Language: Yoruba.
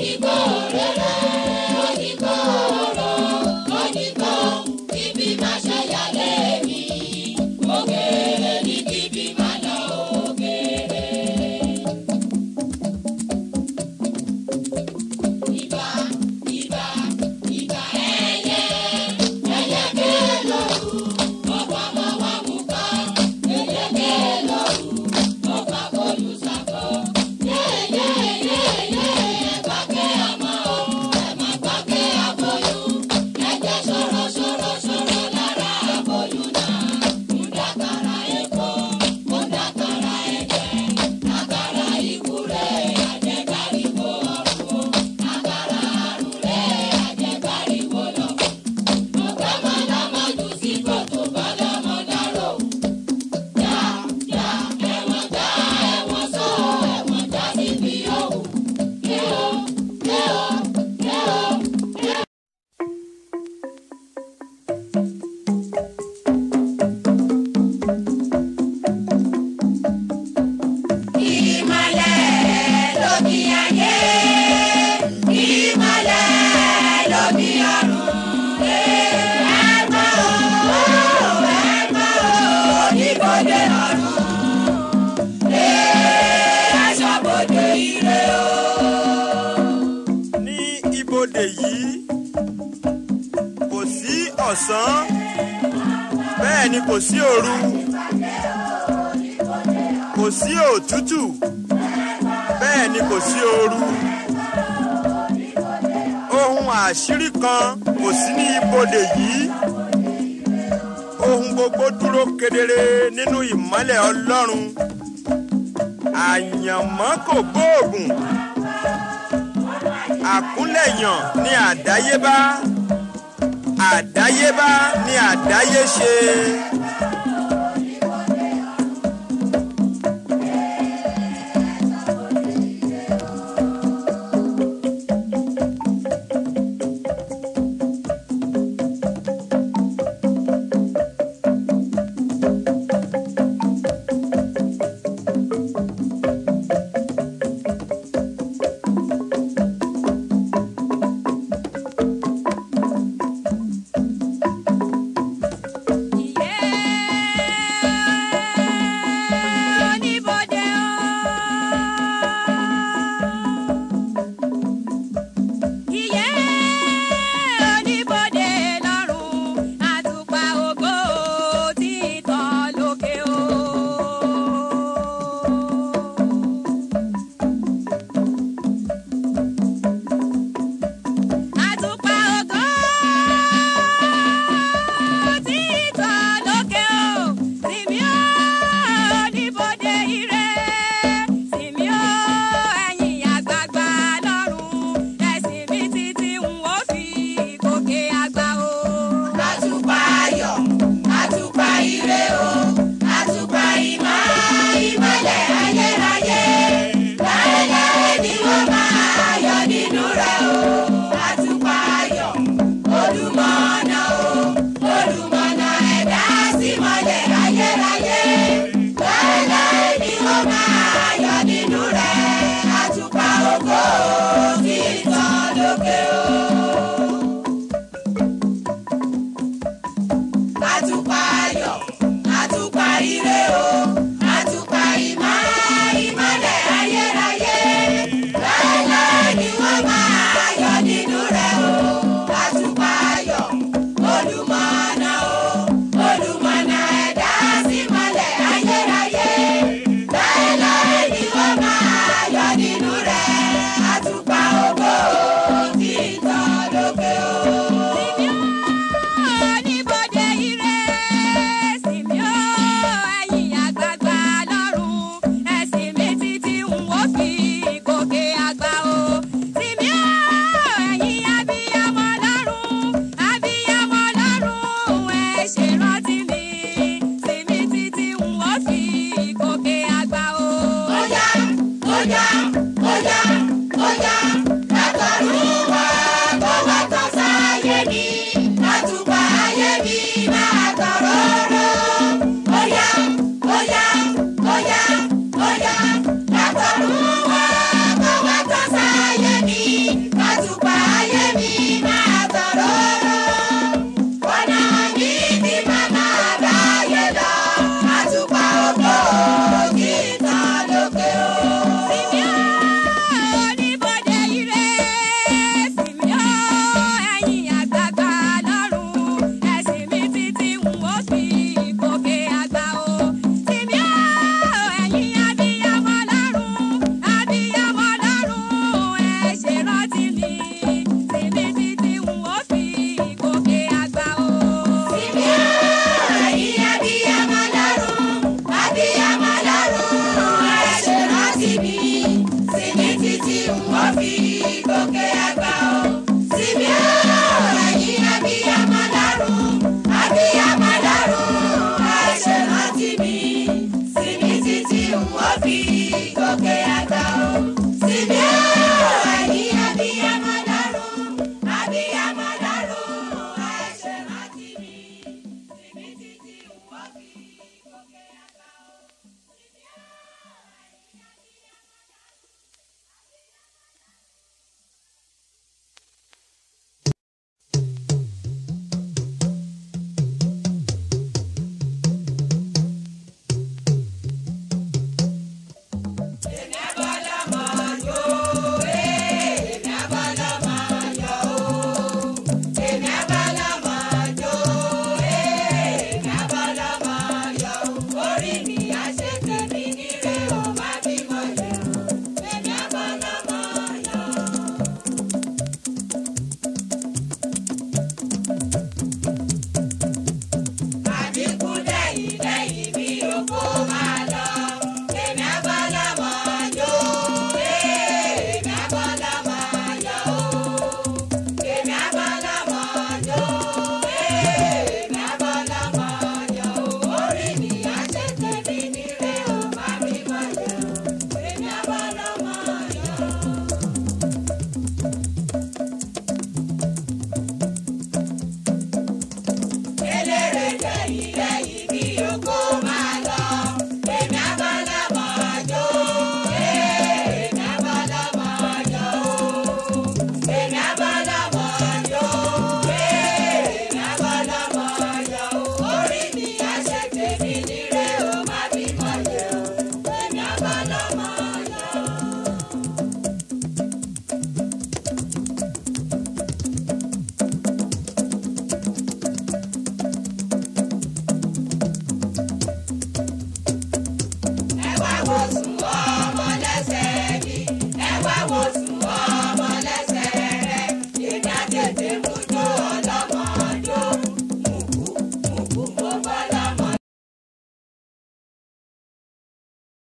Igbó. ọ̀sán bẹ́ẹ̀ ni kò sí òru kò sí òtútù bẹ́ẹ̀ ni kò sí ooru ohun àṣírí kan kò sí ní ibodè yìí ohun gbogbo dúró kedere nínú ìmọ́lẹ̀ Ọlọ́run àyànmọ́ kò gbóògùn àkúnlẹ̀yàn ni àdáyébá àdáyébá ni àdáyéṣe.